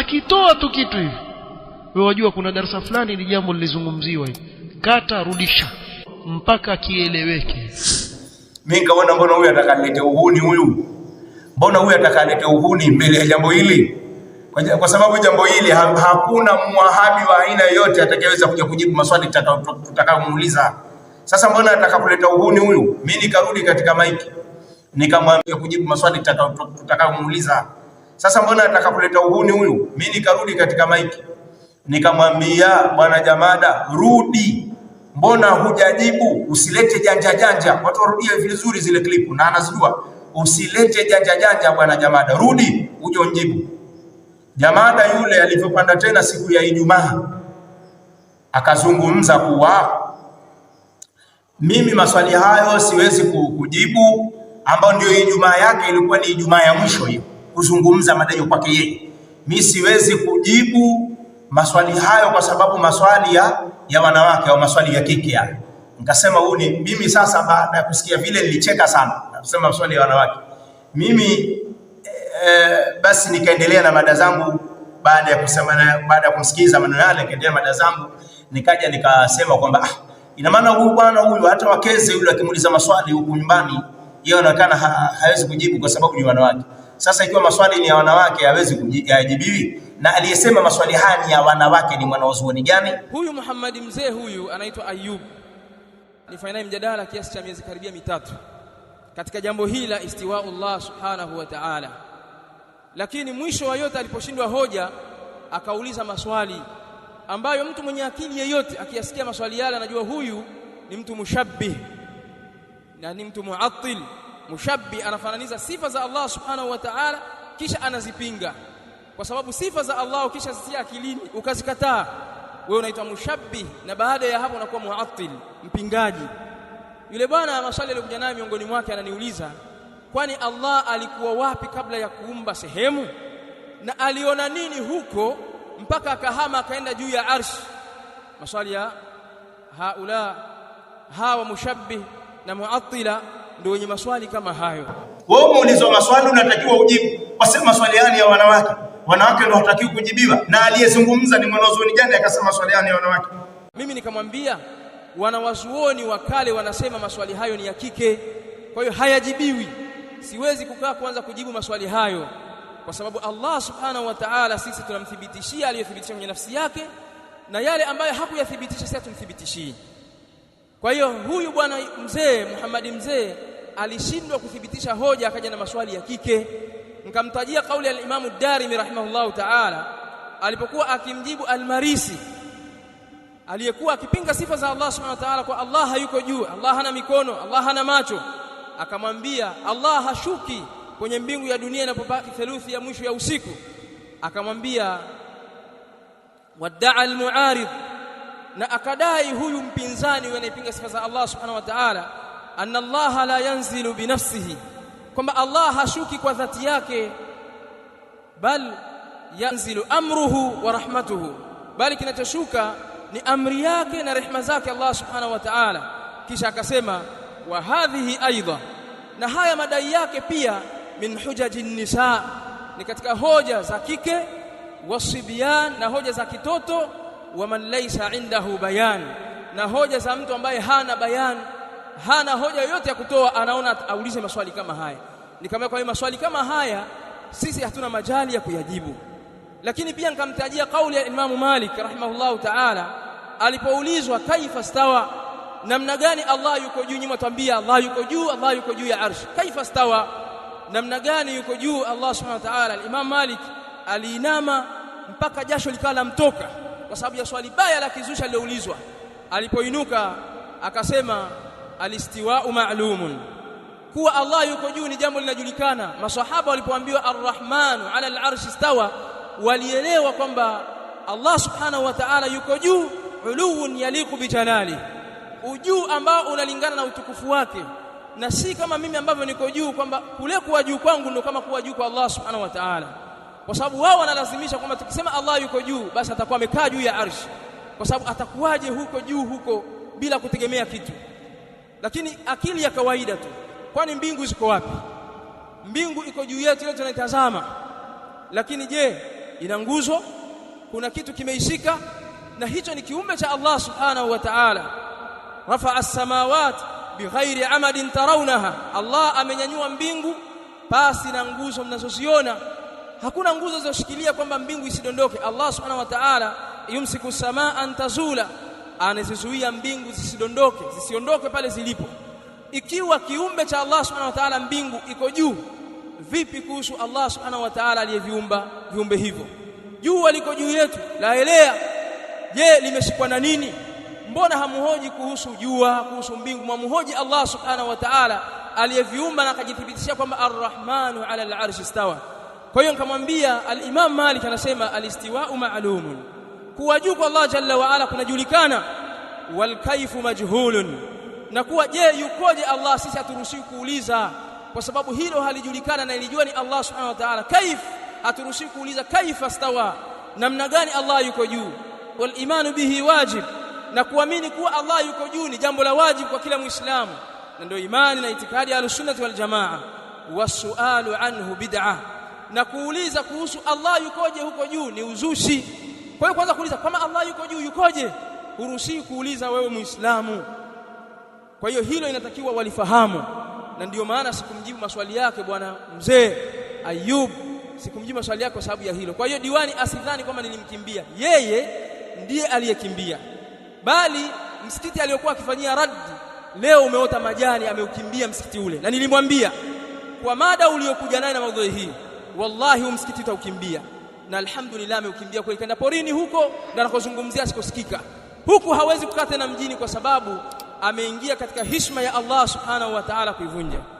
akitoa tu kitu hivi wewe wajua kuna darasa fulani ni jambo lilizungumziwa hivi kata rudisha mpaka kieleweke mimi nikaona mbona huyu atakalete uhuni huyu mbona huyu atakalete uhuni mbele ya jambo hili kwa, sababu jambo hili ha, hakuna mwahabi wa aina yoyote atakayeweza kuja kujibu maswali tutakayomuuliza sasa mbona atakakuleta uhuni huyu mimi nikarudi katika maiki nikamwambia kujibu maswali tutakayomuuliza sasa mbona nataka kuleta uhuni huyu? Mimi nikarudi katika maiki nikamwambia bwana Jamada, rudi, mbona hujajibu? Usilete janja janja, watu warudie vizuri zile klipu na anazijua. Usilete janja janja bwana Jamada, rudi uje unjibu. Jamada yule alivyopanda tena siku ya Ijumaa akazungumza kuwa mimi maswali hayo siwezi kujibu, ambayo ndio Ijumaa yake ilikuwa ni Ijumaa ya mwisho hiyo kuzungumza madai kwake yeye. Mimi siwezi kujibu maswali hayo kwa sababu maswali ya, ya wanawake au maswali ya kike ya. Yaani. Nikasema huu ni mimi sasa, baada ya kusikia vile nilicheka sana nasema maswali ya wanawake mimi e, basi nikaendelea na mada zangu baada ya kusema na baada ya kumsikiza maneno yale, nikaendelea mada zangu, nikaja nikasema kwamba ah, ina maana huyu bwana huyu hata wakeze yule akimuuliza maswali huku nyumbani yeye anaonekana ha, hawezi kujibu kwa sababu ni wanawake. Sasa ikiwa maswali ni ya wanawake hawezi kujibiwi, na aliyesema maswali haya ni ya wanawake ni mwanazuoni gani huyu? Muhammad mzee huyu anaitwa Ayub. Nifanya naye mjadala kiasi cha miezi karibia mitatu katika jambo hili la Allah subhanahu wa ta'ala, lakini mwisho wa yote aliposhindwa hoja akauliza maswali ambayo mtu mwenye akili yeyote akiyasikia maswali yale anajua huyu ni mtu mushabbih na ni mtu muattil mushabbi anafananiza sifa za Allah subhanahu wa ta'ala kisha anazipinga kwa sababu sifa za Allah kisha zisia akilini ukazikataa wewe unaitwa mushabbi na baada ya hapo unakuwa muattil mpingaji yule bwana maswali aliyokuja naye miongoni mwake ananiuliza kwani Allah alikuwa wapi kabla ya kuumba sehemu na aliona nini huko mpaka akahama akaenda juu ya arshi maswali ya haula hawa mushabbi na muattila ndio wenye maswali kama hayo. Wewe umeulizwa maswali, unatakiwa ujibu. Wasema maswali yani ya wanawake, wanawake ndio hatakiwi kujibiwa. Na aliyezungumza ni mwanazuoni gani akasema maswali yani ya wanawake? Mimi nikamwambia wanawazuoni wa kale wanasema maswali hayo ni ya kike, kwa hiyo hayajibiwi. Siwezi kukaa kuanza kujibu maswali hayo, kwa sababu Allah subhanahu wa ta'ala, sisi tunamthibitishia aliyothibitisha kwenye nafsi yake, na yale ambayo hakuyathibitisha sisi hatumthibitishii. Kwa hiyo huyu bwana mzee Muhammad mzee alishindwa kuthibitisha hoja, akaja na maswali ya kike. nikamtajia kauli ya Imamu Darimi rahimahullahu taala alipokuwa akimjibu Almarisi aliyekuwa akipinga sifa za Allah subhanahu wa ta'ala, kwa Allah hayuko juu, Allah hana mikono, Allah hana macho. Akamwambia Allah hashuki kwenye mbingu ya dunia inapobaki theluthi ya mwisho ya usiku. Akamwambia al almuaridh, na akadai huyu mpinzani huyu anayepinga sifa za Allah subhanahu wa ta'ala أن الله لا ينزل بنفسه كما الله شوكي كوذاتياك بل ينزل أمره ورحمته بل كنتشوك لأمرياك نرحمة ذاك الله سبحانه وتعالى كيشا كسيما وهذه أيضا نهاية مدياك بيا من حجج النساء نكتك هوجة زاكيك والصبيان نهوجة زكيتوتو ومن ليس عنده بيان نهوجة زامتو بيهان هانا بيان hana hoja yoyote ya kutoa, anaona aulize maswali kama haya. Nikamwambia kwa hiyo maswali kama haya sisi hatuna majali ya kuyajibu, lakini pia nikamtajia kauli ya Imamu Malik rahimahullahu taala alipoulizwa kaifa stawa, namna gani Allah yuko juu. Nyuma twambia Allah yuko juu, Allah yuko juu ya arshi. Kaifa stawa, namna gani yuko juu Allah subhanahu wa taala. Imam Malik aliinama mpaka jasho likawa lamtoka kwa sababu ya swali baya la kizusha aliloulizwa Alipoinuka akasema alistiwau ma'lumun kuwa Allah yuko juu ni jambo linajulikana maswahaba walipoambiwa arrahmanu ala al-arshi istawa walielewa kwamba Allah subhanahu wa ta'ala yuko juu uluun yaliku bijalali ujuu ambao unalingana na utukufu wake na si kama mimi ambavyo niko juu kwamba kule kuwa juu kwangu ndio kama kuwa juu kwa Allah subhanahu wa ta'ala kwa sababu wao wanalazimisha kwamba tukisema Allah yuko juu basi atakuwa amekaa juu ya arshi kwa sababu atakuwaje huko juu huko bila kutegemea kitu lakini akili ya kawaida tu. Kwani mbingu ziko wapi? Mbingu iko juu yetu, leo tunaitazama, lakini je, ina nguzo? Kuna kitu kimeishika? Na hicho ni kiumbe cha Allah subhanahu wa ta'ala. Rafaa as-samawat bighairi amadin tarawnaha, Allah amenyanyua mbingu pasi na nguzo mnazoziona. Hakuna nguzo zoshikilia kwamba mbingu isidondoke. Allah subhanahu wa ta'ala yumsiku samaa an tazula anazizuia mbingu zisidondoke zisiondoke pale zilipo. Ikiwa kiumbe cha Allah subhanahu wa ta'ala mbingu iko juu, vipi kuhusu Allah subhanahu wa ta'ala aliyeviumba viumbe hivyo? Jua liko juu yetu laelea, je, limeshikwa na nini? Mbona hamuhoji kuhusu jua, kuhusu mbingu? mwamhoji Allah subhanahu wa ta'ala aliyeviumba na akajithibitishia kwamba arrahmanu ala al-arshi stawa. Kwa hiyo nikamwambia al-Imam Malik anasema alistiwa'u ma'lumun kuwa juu kwa Allah jalla waala kunajulikana, walkaifu majhulun, na kuwa je yukoje Allah sisi haturuhusiwi kuuliza, kwa sababu hilo halijulikana na ilijua ni Allah subhanahu wa ta'ala. Kaif, haturuhusiwi kuuliza kaifa stawa, namna gani Allah yuko juu. Walimanu bihi wajib, na kuamini kuwa Allah yuko juu ni jambo la wajib kwa kila mwislamu na ndio imani na itikadi ya Ahlusunnati Waljamaa. wasualu anhu bid'a, na kuuliza kuhusu Allah yukoje huko juu ni uzushi kwa hiyo kwanza kuuliza kama Allah yuko juu yukoje, huruhusiwi kuuliza wewe Muislamu. Kwa hiyo hilo inatakiwa walifahamu, na ndiyo maana sikumjibu maswali yake bwana mzee Ayub, sikumjibu maswali yake kwa sababu ya hilo. Kwa hiyo diwani asidhani kwamba nilimkimbia yeye, ndiye aliyekimbia, bali msikiti aliyokuwa akifanyia raddi leo umeota majani, ameukimbia msikiti ule, na nilimwambia kwa mada uliokuja naye na maudhui hii, wallahi huu msikiti utaukimbia na alhamdulillah ameukimbia kweli, kaenda porini huko ndo anakozungumzia asikosikika. Huku hawezi kukaa tena mjini, kwa sababu ameingia katika hishma ya Allah subhanahu wa ta'ala kuivunja.